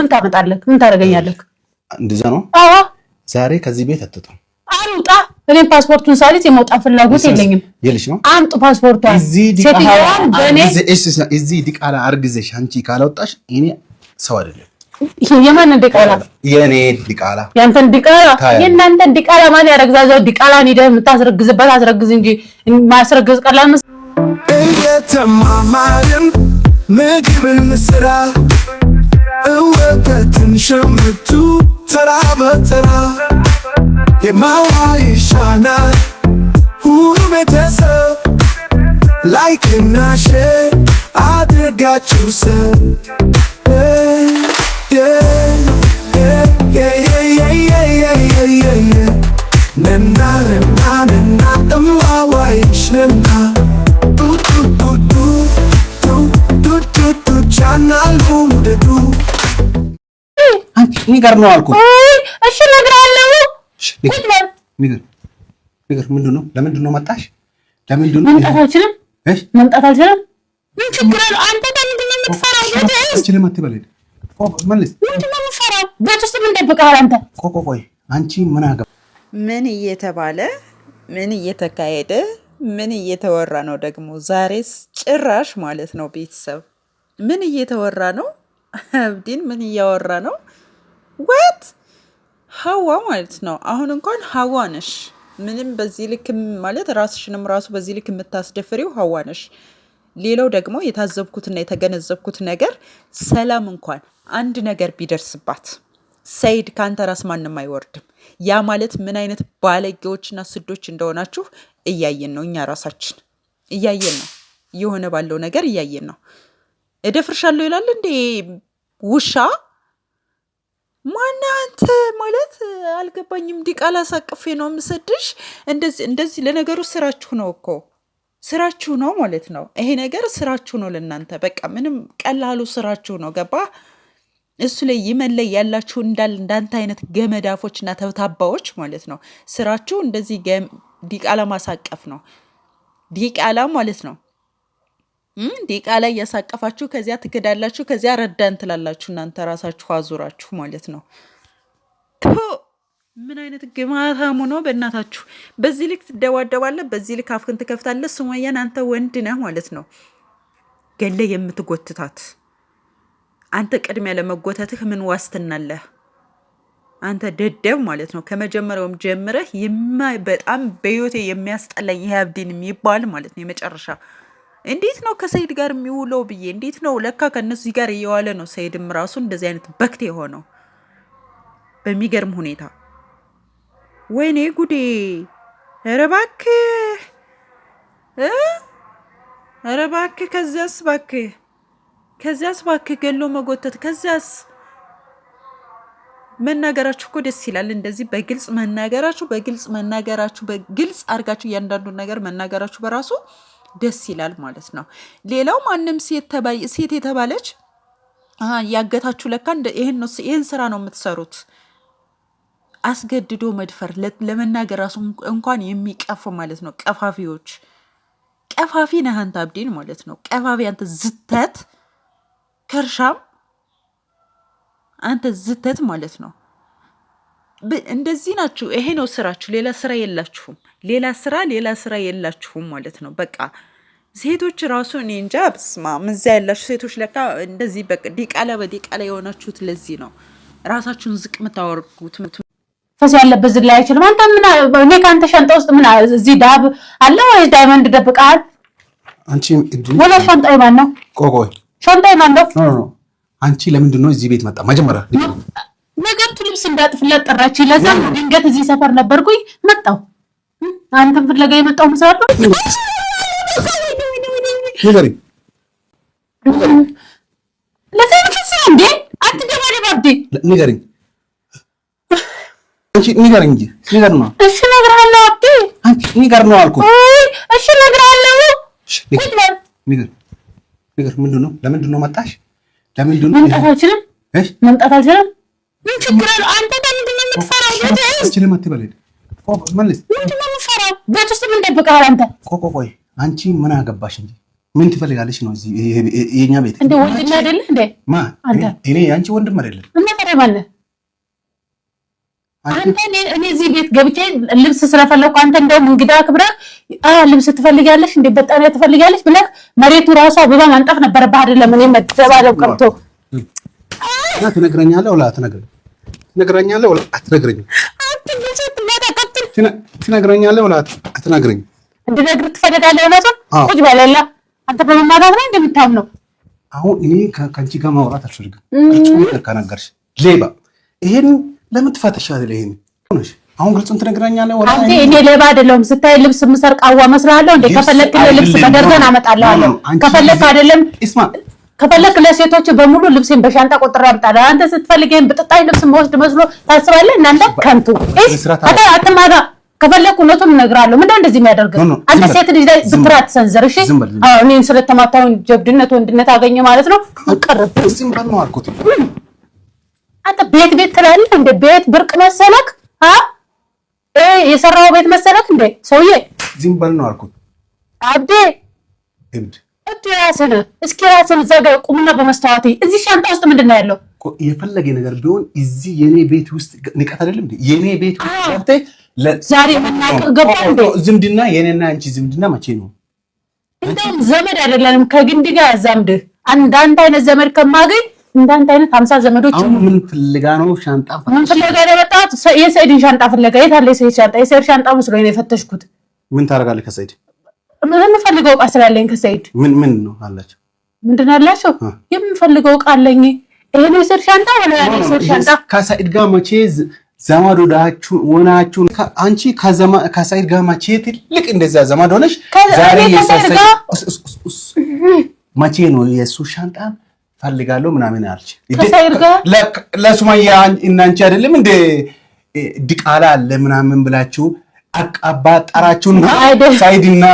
ምን ታመጣለህ? ምን ታደርገኛለህ? እንደዛ ነው። አዎ ዛሬ ከዚህ ቤት አትወጣም። አልወጣ እኔም ፓስፖርቱን ሳሊት የመውጣት ፍላጎት የለኝም። ይልሽ ነው አምጡ ፓስፖርቷን። እዚህ ዲቃላ አርግዘሽ አንቺ ካላወጣሽ እኔ ሰው አይደለም። የማን ዲቃላ? የኔ ዲቃላ፣ ያንተን ዲቃላ፣ የእናንተን ዲቃላ። ማን ያረግዛዛው ዲቃላን ሄደህ የምታስረግዝበት አስረግዝ እንጂ ማስረግዝ ቀላል መሰለኝ። እየተማማርን ምግብን ስራ እውቀትን ሸምቱ ተራ በተራ የማዋ ይሻናል ሁሉ ቤተሰብ ላይክና ሼር አድርጋችሁ ሰብ ንገር ነው አልኩ። እሺ እነግርሃለሁ። ንገር። ምንድን ነው? ለምንድን ነው መጣሽ? ለምንድን ነው መምጣት አልችልም? መምጣት አልችልም። ምን ችግር አንተ ነው የምትፈራው? አልችልም ምንድን ነው የምትፈራው? ቤት ውስጥ ምን ደብቀሃል አንተ? ቆይ ቆይ፣ አንቺ ምን አገባ? ምን እየተባለ ምን እየተካሄደ ምን እየተወራ ነው ደግሞ? ዛሬስ ጭራሽ ማለት ነው ቤተሰብ ምን እየተወራ ነው? ምን እያወራ ነው? ወት ሀዋ ማለት ነው። አሁን እንኳን ሀዋ ነሽ። ምንም በዚህ ልክ ማለት ራስሽንም ራሱ በዚህ ልክ የምታስደፍሪው ሀዋ ነሽ። ሌላው ደግሞ የታዘብኩትና የተገነዘብኩት ነገር ሰላም እንኳን አንድ ነገር ቢደርስባት ሰይድ ከአንተ ራስ ማንም አይወርድም። ያ ማለት ምን አይነት ባለጌዎችና ስዶች እንደሆናችሁ እያየን ነው። እኛ ራሳችን እያየን ነው። እየሆነ ባለው ነገር እያየን ነው። እደፍርሻለሁ ይላል እንዴ ውሻ። ማነህ አንተ ማለት አልገባኝም። ዲቃላ አሳቅፌ ነው የምሰድሽ እንደዚህ እንደዚህ። ለነገሩ ስራችሁ ነው እኮ ስራችሁ ነው ማለት ነው። ይሄ ነገር ስራችሁ ነው ለእናንተ በቃ ምንም ቀላሉ ስራችሁ ነው። ገባ እሱ ላይ ይመለይ ያላችሁ እንዳል እንዳንተ አይነት ገመዳፎች እና ተብታባዎች ማለት ነው ስራችሁ እንደዚህ ዲቃላ ማሳቀፍ ነው ዲቃላ ማለት ነው። ዲቃ ላይ እያሳቀፋችሁ ከዚያ ትክዳላችሁ፣ ከዚያ ረዳን ትላላችሁ። እናንተ ራሳችሁ አዙራችሁ ማለት ነው። ምን አይነት ግማታሙ ነው? በእናታችሁ በዚህ ልክ ትደባደባለህ፣ በዚህ ልክ አፍክን ትከፍታለህ። ሱመያን አንተ ወንድ ነህ ማለት ነው። ገለ የምትጎትታት አንተ ቅድሚያ ለመጎተትህ ምን ዋስትናለህ? አንተ ደደብ ማለት ነው። ከመጀመሪያውም ጀምረህ በጣም በህይወቴ የሚያስጠላኝ ይህ አብዲን የሚባል ማለት ነው የመጨረሻ እንዴት ነው ከሰይድ ጋር የሚውለው ብዬ እንዴት ነው ለካ ከነዚህ ጋር እየዋለ ነው። ሰይድም ራሱ እንደዚህ አይነት በክት የሆነው በሚገርም ሁኔታ ወይኔ ጉዴ! ኧረ እባክህ ኧረ እባክህ ከዚያስ እባክህ ከዚያስ እባክህ ገሎ መጎተት ከዚያስ መናገራችሁ እኮ ደስ ይላል። እንደዚህ በግልጽ መናገራችሁ በግልጽ መናገራችሁ በግልጽ አድርጋችሁ እያንዳንዱን ነገር መናገራችሁ በራሱ ደስ ይላል ማለት ነው። ሌላው ማንም ሴት የተባለች ያገታችሁ ለካ ይህን ስራ ነው የምትሰሩት አስገድዶ መድፈር ለመናገር ራሱ እንኳን የሚቀፉ ማለት ነው። ቀፋፊዎች ቀፋፊ ነህ አንተ ማለት ነው። ቀፋፊ አንተ ዝተት ከርሻም አንተ ዝተት ማለት ነው። እንደዚህ ናችሁ። ይሄ ነው ስራችሁ። ሌላ ስራ የላችሁም። ሌላ ስራ ሌላ ስራ የላችሁም ማለት ነው። በቃ ሴቶች ራሱ እኔ እንጃ ብስማ ምዛ ያላችሁ ሴቶች ለካ እንደዚህ ዲቃላ በዲቃላ የሆናችሁት ለዚህ ነው ራሳችሁን ዝቅ ምታወርጉት። ፈስ ያለበት ዝግ ላይ አይችልም። አንተ ምን እኔ ከአንተ ሻንጣ ውስጥ ምን እዚህ ዳብ አለ ወይ ዳይመንድ ደብቃል? አንቺ ወላ ሻንጣ የማን ነው? ቆቆይ ቆይ ሻንጣ የማን ነው? አንቺ ለምንድን ነው እዚህ ቤት መጣ? መጀመሪያ ነገርቱ ልብስ እንዳጥፍላት ጠራችኝ። ለዛ ድንገት እዚህ ሰፈር ነበርኩኝ መጣው አንተን ፍለጋ የመጣው መስራት ነው። ንገሪኝ ነው። ምን የምትሰራው? ቤት ውስጥ ምን ደብቀሃል አንተ? ቆይ ቆይ፣ አንቺ ምን አገባሽ እንጂ ምን ትፈልጋለች ነው እዚህ የኛ ቤት? እንደ ወንድም አይደለ እንዴ? ማ አንተ? እኔ ያንቺ ወንድም አይደለም። እና ታዲያ ማለት አንተ? እኔ እዚህ ቤት ገብቼ ልብስ ስለፈለኩ አንተ እንደውም እንግዳ ክብረህ ልብስ ትፈልጋለሽ እንዴ? በጣም ትፈልጋለሽ ብለህ መሬቱ ራሱ አበባ ማንጠፍ ነበረብህ አይደለም? እኔ መደባደብ ቀርቶ ትነግረኛለህ ወላ አትነግረኝም? ትነግረኛለህ ወላ አትነግረኝም? ትነግረኛለህ? ወላት አትነግረኝ? እንድነግርህ ትፈልጋለህ? እውነቱን ቁጭ በለላ አንተ በመማታት ላይ እንደምታምነው አሁን እኔ ከአንቺ ጋር ማውራት አልፈልግም። ግልጹ ከነገርሽ ሌባ ይሄን ለምን ትፈተሻለህ? ይሄን ሆነሽ አሁን ግልጹን ትነግረኛለህ? ወላ አንተ እኔ ሌባ አይደለሁም። ስታይ ልብስ የምሰርቅ አዋ መስላለሁ እንዴ? ከፈለክ ልብስ በደርዘን አመጣለሁ። ከፈለክ አይደለም እስማ ከፈለክ ለሴቶች በሙሉ ልብሴን በሻንጣ ቆጥሬ አምጣለሁ። አንተ ስትፈልግ ይሄን ብጥጣይ ልብስ መወስድ መስሎ ታስባለህ? እናንተ ከንቱ አትማራ። ከፈለክ እውነቱን እነግርሃለሁ። ምንድን ነው እንደዚህ የሚያደርግ አንተ ሴት ልጅ ላይ ብትር አትሰንዝር። እሺ እኔን ስለተማታሁን ጀብድነት ወንድነት አገኘ ማለት ነው። አንተ ቤት ቤት ትላለህ እንደ ቤት ብርቅ መሰለክ? የሰራው ቤት መሰለክ እንደ ሰውዬ ዝም በል ነው አልኩት አብዴ እቱ የራስን እስኪ ራስን ዘጋ ቁምና በመስተዋቴ እዚህ ሻንጣ ውስጥ ምንድን ነው ያለው? የፈለገ ነገር ቢሆን እዚህ የኔ ቤት ውስጥ ንቀት አይደለም የኔ ቤት ውስጥ ዛሬ የምናውቀው ገባ እንደ ዝምድና የኔና አንቺ ዝምድና መቼ ነው? እንደውም ዘመድ አይደለንም ከግንድ ጋር ያዛምድህ አንዳንድ አይነት ዘመድ ከማገኝ እንዳንተ አይነት ሀምሳ ዘመዶች ምን ፍለጋ ነው? ሻንጣ ምን ፍለጋ ነው የመጣሁት? የሰኢድን ሻንጣ ፍለጋ። የት አለ የሰኢድ ሻንጣ? የሰኢድ ሻንጣ መስሎኝ ነው የፈተሽኩት። ምን ታደርጋለህ ከሰኢድ የምፈልገው እቃ ስላለኝ ከሰይድ ምን ምን ነው አላቸው። ምንድን አላቸው? የምፈልገው እቃ አለኝ። ይሄን ነው ሻንጣ ወላ የሰይድ ሻንጣ ከሰይድ ጋር መቼ ዘመድ ወዳችሁ ሆናችሁ አንቺ ከሰይድ ጋር መቼ ትልቅ እንደዛ ዘመድ ሆነሽ ዛሬ መቼ ነው የእሱ ሻንጣ ፈልጋለሁ ምናምን አለች። ለሱማያ እናንቺ አይደለም እንደ ድቃላ አለ ምናምን ብላችሁ አቃባ ጠራችሁና ሰይድና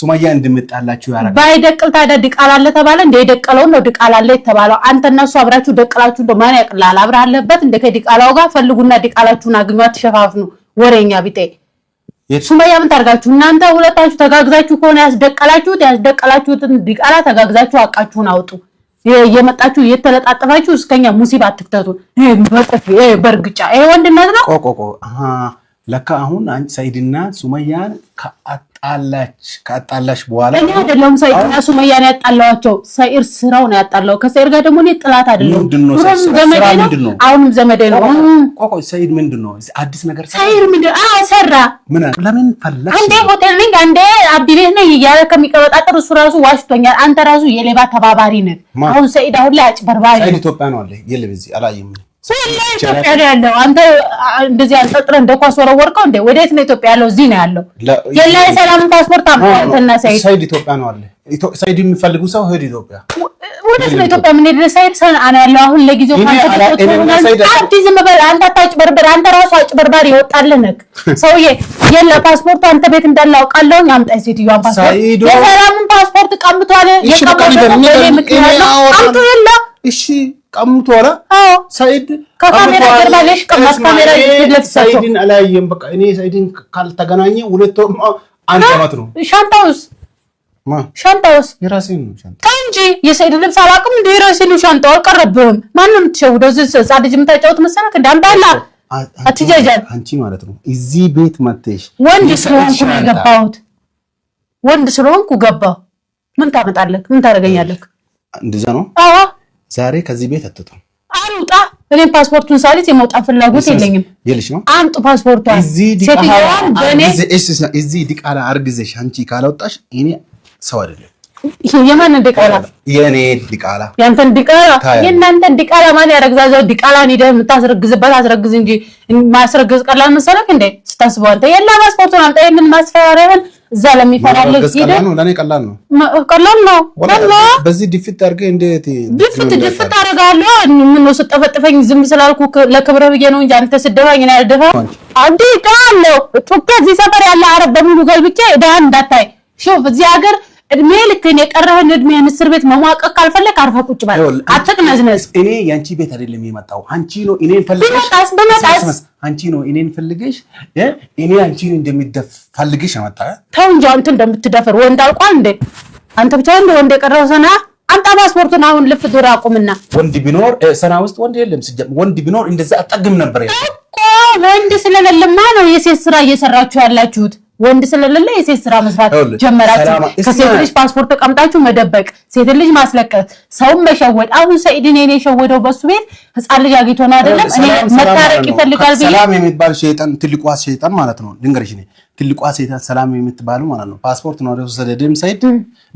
ሱማያ እንድመጣላችሁ ያደርጋል። ባይደቅል ታዲያ ድቃል ተባለ። እንደ የደቀለውን ነው ድቃል አለ የተባለው። አንተና እሱ አብራችሁ ደቀላችሁ። እንደ ማን ያቅላል? አብረህ አለበት እንደ ከድቃላው ጋር ፈልጉና ድቃላችሁን አግኟት። ሸፋፍኑ ወሬኛ ቢጤ ሱማያ ምን ታርጋችሁ እናንተ ሁለታችሁ ተጋግዛችሁ ከሆነ ያስደቀላችሁት ያስደቀላችሁትን ዲቃላ ተጋግዛችሁ አቃችሁን አውጡ። እየመጣችሁ እየተለጣጠፋችሁ እስከኛ ሙሲባ አትክተቱ። በጥፊ በእርግጫ ይሄ ወንድነት ነው። ቆቆቆ ለካ አሁን አንቺ ሰኢድና ሱማያን ከአት ጣላች ካጣላች በኋላ እኔ አይደለሁም ሰይድ እና ሱመያ ነው ያጣላዋቸው። ሰይድ ስራው ነው ያጣላው። ከሰይድ ጋር ደግሞ እኔ ጥላት አይደለሁም። ምንድን ነው አሁንም ዘመዴ ነው። ቆይ ሰይድ ምንድን ነው አዲስ ነገር ሰይድ ምንድን ነው? አዎ ሰራ። ምን ለምን ፈለግ አንዴ ሆቴል ነኝ አንዴ አብዲ ቤት ነኝ እያለ ከሚቀበጣጠር እሱ ራሱ ዋሽቶኛል። አንተ ራሱ የሌባ ተባባሪ ነህ። አሁን ሰይድ አሁን ላይ አጭበርባሪ ሰይድ ኢትዮጵያ ነው አለ የለም እዚህ አላየም ሰላ ኢትዮጵያ ያለው አንተ እንደዚህ አንጠጥረህ እንደ ኳስ ወረወርከው እንዴ? ወዴት ነው ኢትዮጵያ ያለው? እዚህ ነው ያለው። የላ የሰላምን ፓስፖርት አምጣትና ሰይድ ሰይድ ኢትዮጵያ ነው አለ። ሰይድ የሚፈልጉ ሰው ሄድ ኢትዮጵያ። ወዴት ነው ኢትዮጵያ የምንሄድ? ሰይድ ሰን ያለው አሁን ለጊዜው አንተ ዝም በል አንተ አታጭበርበር። አንተ ራሱ አጭበርባሪ የወጣልህ ነህ ሰውዬ። የላ ፓስፖርት አንተ ቤት እንዳለ አውቃለሁ። አምጣኝ ሴትዮዋን ፓስፖርት። የሰላምን ፓስፖርት ቀምቷል። የቀምቷል። አምጡ የላ እሺ ቀምቶ ሆነ ሰይድ ከካሜራ አላየም። በቃ እኔ ሰይድን ካልተገናኘ ሁለት አንድ አመት ነው። ሻንጣውስ ሻንጣውስ የራሴ ነው ሻንጣ እንጂ የሰይድ ልብስ አላውቅም። እንደ የራሴ ነው ሻንጣ አልቀረብህም። ማንም የምትሸውደው እዚህ ህፃን ልጅ የምታጫወት መሰለህ? እንደ አንተ አትጃጃል። አንቺ ማለት ነው እዚህ ቤት መጥተሽ ወንድ ስለሆንኩ ነው የገባሁት። ወንድ ስለሆንኩ ገባሁ። ምን ታመጣለህ? ምን ታደርገኛለህ? እንደዛ ነው። አዎ ዛሬ ከዚህ ቤት አትወጣም። አልወጣ እኔም ፓስፖርቱን ሳልይዝ የመውጣ ፍላጎት የለኝም። ይልሽ ነው አምጡ ፓስፖርቷን። እዚህ ዲቃላ አርግዘሽ አንቺ ካላወጣሽ እኔ ሰው አይደለም። የማንን ዲቃላ? የኔ ዲቃላ። ያንተን ዲቃላ? የእናንተን ዲቃላ ማን ያረግዛዛው? ዲቃላን ሂደህ የምታስረግዝበት አስረግዝ እንጂ ማስረግዝ ቀላል መሰለህ እንዴ? ስታስበው አንተ የላ ፓስፖርቱን አምጣ። ይሄንን ማስፈራሪያህን እዛ ለሚፈራልህ ሄደህ ለእኔ ቀላል ነው ቀላል ነው። በዚህ ድፍት አድርገህ እንዴት ድፍት ድፍት አደርጋለሁ? ምነው ስጠፈጥፈኝ ዝም ስላልኩ ለክብረ ብዬ ነው እንጂ አንተ ስደባኝ ነው ያልደፋ አዲ እዳለሁ። እዚህ ሰፈር ያለ አረብ በሙሉ ገልብጬ እዳህን እንዳታይ ሹፍ እዚህ ሀገር እድሜ ልክህን የቀረህን እድሜህን እስር ቤት መሟቀቅ ካልፈለግ አርፈ ቁጭ በል። አትቅነዝነዝ። እኔ የአንቺ ቤት አይደለም የመጣው አንቺ ነው እኔን ፈልገሽ ብመጣስ አንቺ ነው እኔን ፈልገሽ እኔ አንቺን እንደሚደፍ ፈልገሽ ተው እንጂ አንተ እንደምትደፈር ወንድ አልቋል እንዴ? አንተ ብቻ እንደ ወንድ የቀረው ሰና አምጣ ፓስፖርቱን አሁን ልፍ ዱር አቁምና። ወንድ ቢኖር ሰና ውስጥ ወንድ የለም። ወንድ ቢኖር እንደዛ አጠግም ነበር እኮ። ወንድ ስለሌለማ ነው የሴት ስራ እየሰራችሁ ያላችሁት። ወንድ ስለሌለ የሴት ስራ መስራት ጀመራችሁ። ከሴት ልጅ ፓስፖርት ተቀምጣችሁ መደበቅ፣ ሴት ልጅ ማስለቀት፣ ሰውን መሸወድ። አሁን ሰኢድን እኔ የሸወደው በሱ ቤት ህፃን ልጅ አግኝቶ ነው አይደለም? እኔ መታረቅ ይፈልጋል ብዬ ሰላም የሚባል ሸይጣን፣ ትልቋ ሸይጣን ማለት ነው። ልንገርሽ፣ እኔ ትልቋ ሸይጣን ሰላም የምትባለው ማለት ነው። ፓስፖርት ነው ደስ ሰደደም ሰኢድ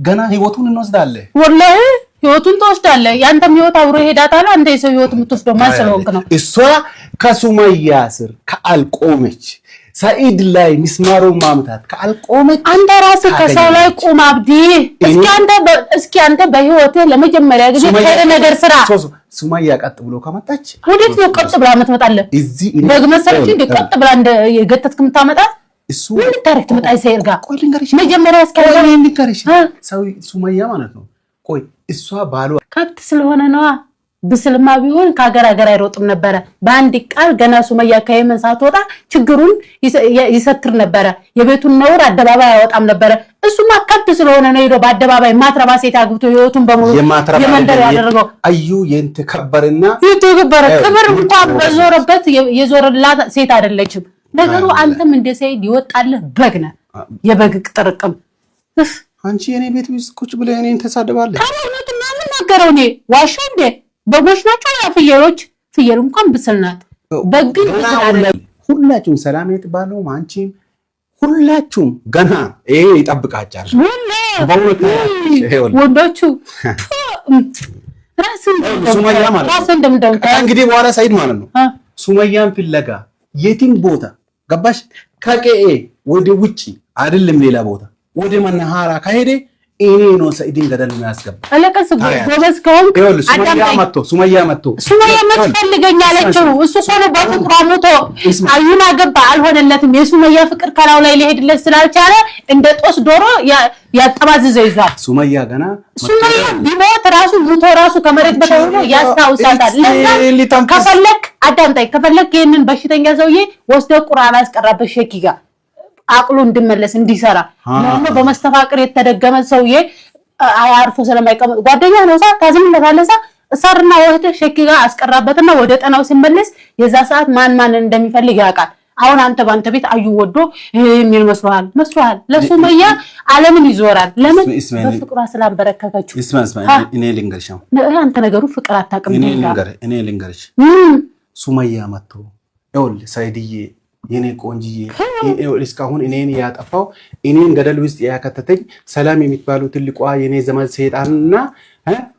ገና ህይወቱን እንወስዳለን ወላሂ ህይወቱን ትወስዳለህ። ያንተም ህይወት አብሮ ይሄዳታል። አንተ የሰው ህይወት የምትወስደው ማን ስለሆንክ ነው? እሷ ከሱማያ ስር ከአልቆመች ሰኢድ ላይ ሚስማሩ ማምታት ካልቆመች አንተ ራስህ ከሰው ላይ ቁም። አብዲ እስኪ አንተ እስኪ ለመጀመሪያ ጊዜ ነገር ስራ ሱማያ ቀጥ ብሎ ከመጣች ወዴት ነው ቀጥ ብላ የምትመጣለህ? ደግመህ እንደ ቀጥ ብላ እንደ የገተትክ የምታመጣ ምን ታሪክ ትመጣ? ሰኢድ ጋር ቆይ ልንገርሽ፣ መጀመሪያ ሱማያ ማለት ነው። ቆይ እሷ ባሏ ከብት ስለሆነ ነዋ ብስልማ ቢሆን ከሀገር ሀገር አይሮጥም ነበረ። በአንድ ቃል ገና ሱመያ ከየመን ሳትወጣ ችግሩን ይሰትር ነበረ። የቤቱን ነውር አደባባይ አያወጣም ነበረ። እሱማ ከብት ስለሆነ ነው ሄዶ በአደባባይ ማትረባ ሴት አግብቶ ህይወቱን በሙሉ የመንደር ያደረገው። አዩ የንትከበርና ይትከበር ክብር እንኳን በዞረበት የዞረላት ሴት አይደለችም። ነገሩ አንተም እንደ ሰይድ ይወጣልህ በግ ነ የበግ ቅጥርቅም አንቺ የኔ ቤት ቁጭ ብለ እኔን ተሳድባለህ። ኧረ እውነቱን ነው እኔ ዋሻ እንዴ በጎች ናቸው ፍየሎች? ፍየል እንኳን ብስል ናት፣ በግ ሁላችሁም ሰላም የትባለውም አንቺም ሁላችሁም ገና ይሄ ይጠብቃቻል። ወንዶቹ እንግዲህ በኋላ ሰይድ ማለት ነው ሱመያን ፍለጋ የትም ቦታ ገባሽ። ከቀኤ ወደ ውጭ አይደለም ሌላ ቦታ ወደ መናሃራ ከሄደ ይሄ ነው ሰኢድን ገደል የሚያስገባ። አለቀስ ጎበዝ ከሆንክ ሱመያ መጥቶ ሱመያ መጥቶ ሱመያ የምትፈልገኝ አለችው። እሱ ሆኖ በፍቅሯ ሞቶ አዩን አገባ፣ አልሆነለትም። የሱመያ ፍቅር ከላው ላይ ሊሄድለት ስላልቻለ እንደ ጦስ ዶሮ ያጠማዝዘው ይዟል። ሱመያ ገና ሱመያ ቢሞት ራሱ ሙቶ ራሱ ከመሬት በታች ሆኖ ያስታውሳታል። ከፈለክ አዳምጣኝ፣ ከፈለክ ይህንን በሽተኛ ሰውዬ ወስደህ ቁርአን አስቀራበት ሸኪ ጋር አቅሉ እንድመለስ እንዲሰራ ሆኖ በመስተፋቅር የተደገመ ሰውዬ አያርፎ ስለማይቀመጥ ጓደኛ ነው ሳ ታዝምለታለሳ እሳርና ወህደ ሸኪ ጋር አስቀራበትና ወደ ጠናው ሲመለስ የዛ ሰዓት ማን ማን እንደሚፈልግ ያውቃል። አሁን አንተ በአንተ ቤት አዩ ወዶ የሚል መስሎሃል መስሎሃል። ለሱ መያ ዓለምን ይዞራል። ለምን በፍቅሯ ስላበረከተችው። አንተ ነገሩ ፍቅር አታውቅም። እኔ ልንገርሽ ሱመያ መጥቶ ይኸውልህ ሳይድዬ የኔ ቆንጅዬ እስካሁን እኔን ያጠፋው እኔን ገደል ውስጥ ያከተተኝ ሰላም የምትባሉ ትልቋ የኔ ዘመድ ሰይጣን እና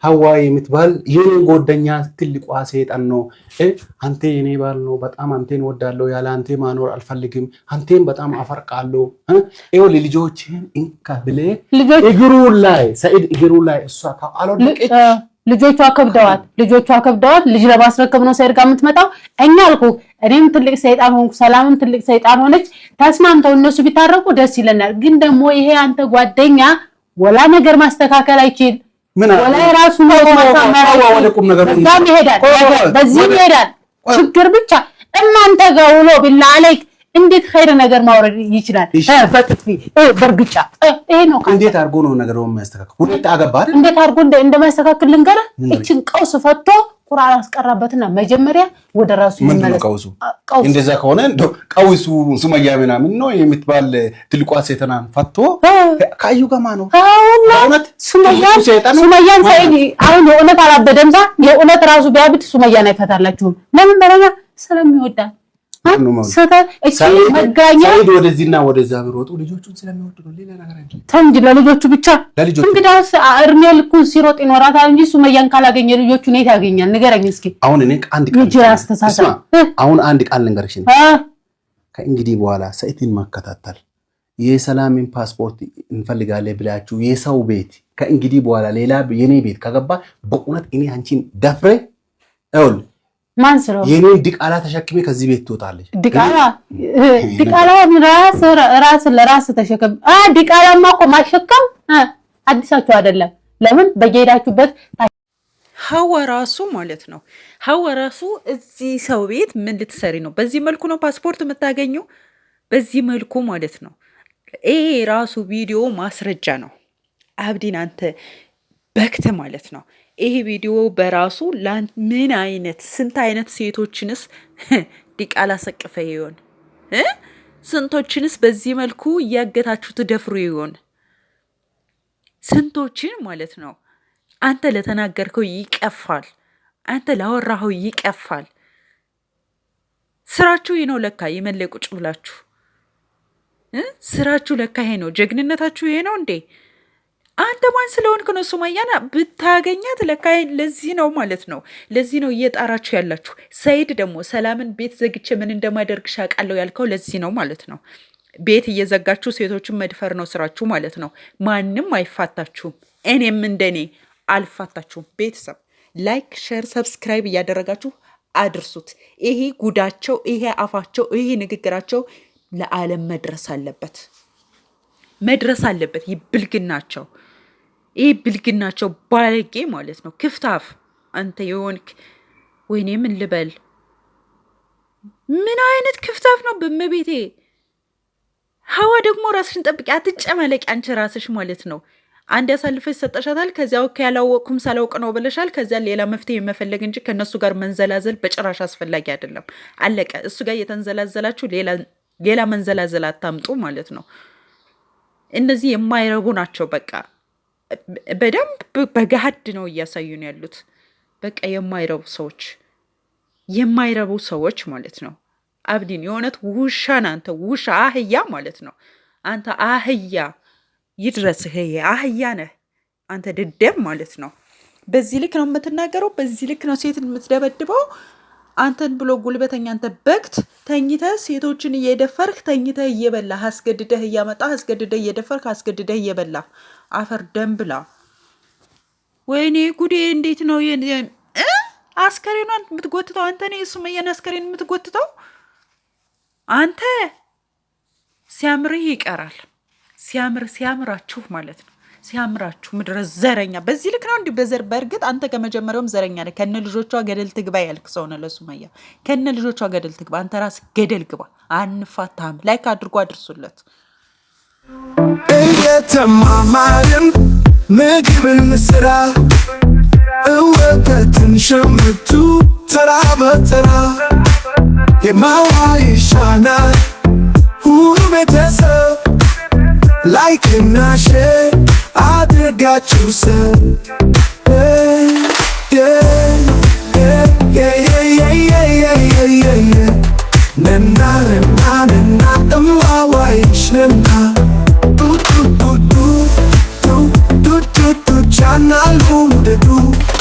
ሀዋ የምትባል የኔ ጎደኛ ትልቋ ሰይጣን ነው። አንተ የኔ ባል ነው። በጣም አንቴን ወዳለው፣ ያለ አንቴ ማኖር አልፈልግም። አንቴን በጣም አፈርቃለሁ። ይኸው ልጆችን እንካ ብለ እግሩ ላይ ሰኢድ እግሩ ላይ እሷ አልወደቀች ልጆቿ ከብደዋት ልጆቿ ከብደዋት ልጅ ለማስረከብ ነው ሰይድ ጋር የምትመጣው። እኛ አልኩ እኔም ትልቅ ሰይጣን ሆንኩ፣ ሰላምም ትልቅ ሰይጣን ሆነች። ተስማምተው እነሱ ቢታረቁ ደስ ይለናል። ግን ደግሞ ይሄ አንተ ጓደኛ ወላ ነገር ማስተካከል አይችል ወላ የራሱ በዚህም ይሄዳል። ችግር ብቻ እናንተ ጋር ውሎ ቢላ አለይክ እንዴት ኸይር ነገር ማውረድ ይችላል? በጥፊ በእርግጫ ይሄ ነው። እንዴት አድርጎ ነው ነገር የሚያስተካክል? ሁለት አገባ እንዴት አድርጎ እንደማያስተካክል ልንገረ። እችን ቀውስ ፈቶ ቁርአን አስቀራበትና መጀመሪያ ወደ ራሱ ይመለስ። እንደዛ ከሆነ ቀውሱ ሱመያ ምናምን ነው የምትባል ትልቋ ሴተናን ፈቶ ከአዩ ገማ ነው እውነት። ሱመያን ሰይድ አሁን የእውነት አላበደምዛ የእውነት ራሱ ቢያብድ ሱመያን አይፈታላችሁም። ለምን በለኛ ስለሚወዳል መጋኛ ወደዚህና ወደዛ ቢሮጡ ልጆቹን ስለሚወዱ ነው። ሌላ ነገር አይደለም። ለልጆቹ ብቻ እንግዲያውስ እድሜ ልኩን ሲሮጥ ይኖራታል እንጂ ሱመያን ካላገኘ ልጆቹ የት ያገኛል? ንገረኝ እስኪ። አሁን እኔ አንድ ቃል አስተሳሰብ አሁን አንድ ቃል ልንገርሽ፣ ከእንግዲህ በኋላ ሰኢድን ማከታተል የሰላምን ፓስፖርት እንፈልጋለን ብላችሁ የሰው ቤት ከእንግዲህ በኋላ ሌላ የኔ ቤት ከገባ በእውነት እኔ አንቺን ደፍሬ ማን ስለሆነ የኔን ድቃላ ተሸክሜ ከዚህ ቤት ትወጣለች። ድቃላ ድቃላ ራስ ራስ ለራስ ተሸከም። አዎ ድቃላማ እኮ ማሸከም አዲሳችሁ አይደለም። ለምን በጌዳችሁበት ሀዋ ራሱ ማለት ነው። ሀዋ ራሱ እዚህ ሰው ቤት ምን ልትሰሪ ነው? በዚህ መልኩ ነው ፓስፖርት የምታገኘው፣ በዚህ መልኩ ማለት ነው። ይሄ ራሱ ቪዲዮ ማስረጃ ነው። አብዲን አንተ በክት ማለት ነው ይሄ ቪዲዮ በራሱ ምን አይነት ስንት አይነት ሴቶችንስ ዲቃላ ሰቅፈ ይሆን? ስንቶችንስ በዚህ መልኩ እያገታችሁ ትደፍሩ ይሆን? ስንቶችን ማለት ነው። አንተ ለተናገርከው ይቀፋል። አንተ ላወራኸው ይቀፋል። ስራችሁ ይህ ነው ለካ። የመለቁጭ ብላችሁ ስራችሁ ለካ ይሄ ነው። ጀግንነታችሁ ይሄ ነው እንዴ? አንደማን ስለሆንክ ነው። ሱማያን ብታገኛት ለካ ለዚህ ነው ማለት ነው። ለዚህ ነው እየጣራችሁ ያላችሁ። ሰይድ ደግሞ ሰላምን ቤት ዘግቼ ምን እንደማደርግ ሻቃለሁ ያልከው ለዚህ ነው ማለት ነው። ቤት እየዘጋችሁ ሴቶችን መድፈር ነው ስራችሁ ማለት ነው። ማንም አይፋታችሁም። እኔም እንደኔ አልፋታችሁም። ቤተሰብ ላይክ፣ ሼር፣ ሰብስክራይብ እያደረጋችሁ አድርሱት። ይሄ ጉዳቸው፣ ይሄ አፋቸው፣ ይሄ ንግግራቸው ለዓለም መድረስ አለበት። መድረስ አለበት። ይህ ብልግናቸው ይህ ብልግናቸው ባለጌ ማለት ነው። ክፍታፍ አንተ የሆንክ ወይኔ ምን ልበል? ምን አይነት ክፍታፍ ነው በመቤቴ። ሀዋ ደግሞ ራስሽን ጠብቂ፣ አትጨመለቂ አንቺ ራስሽ ማለት ነው። አንድ ያሳልፈች ሰጠሻታል። ከዚያ ወክ ያላወቅኩም ሳላውቅ ነው ብለሻል። ከዚያ ሌላ መፍትሄ የመፈለግ እንጂ ከእነሱ ጋር መንዘላዘል በጭራሽ አስፈላጊ አይደለም። አለቀ። እሱ ጋር እየተንዘላዘላችሁ ሌላ መንዘላዘል አታምጡ ማለት ነው። እነዚህ የማይረጉ ናቸው። በቃ በደንብ በገሀድ ነው እያሳዩን ያሉት። በቃ የማይረቡ ሰዎች የማይረቡ ሰዎች ማለት ነው። አብዲን የእውነት ውሻ አንተ ውሻ፣ አህያ ማለት ነው። አንተ አህያ ይድረስህ፣ አህያ ነህ አንተ ድደብ ማለት ነው። በዚህ ልክ ነው የምትናገረው። በዚህ ልክ ነው ሴት የምትደበድበው። አንተን ብሎ ጉልበተኛ አንተ ተኝተ ተኝተህ ሴቶችን እየደፈርክ ተኝተህ እየበላህ አስገድደህ እያመጣህ አስገድደህ እየደፈርክ አስገድደህ እየበላህ አፈር ደንብላ። ብላ። ወይኔ ጉዴ! እንዴት ነው አስከሬኗን የምትጎትተው? አንተ ነ የሱመያን አስከሬን የምትጎትተው አንተ። ሲያምርህ ይቀራል። ሲያምር ሲያምራችሁ ማለት ነው። ሲያምራችሁ ምድረ ዘረኛ በዚህ ልክ ነው እንዲህ በዘር በእርግጥ አንተ ከመጀመሪያውም ዘረኛ ነህ። ከነ ልጆቿ ገደል ትግባ ያልክ ሰው ነህ። ለሱመያ ከነ ልጆቿ ገደል ትግባ። አንተ ራስ ገደል ግባ። አንፋታም። ላይክ አድርጎ አድርሱለት። እየተማማርን ምግብን ስራ እወተትን ሸምቱ ተራ በተራ የማዋ ይሻናል ሁሉ ቤተሰብ like and I share. I did got you said. Yeah, yeah, yeah, yeah, yeah, yeah, yeah, yeah, yeah, yeah. Nena, nena, nena, tamawa ish nena. Du, du, du, du, du, du, du, du, jana lumde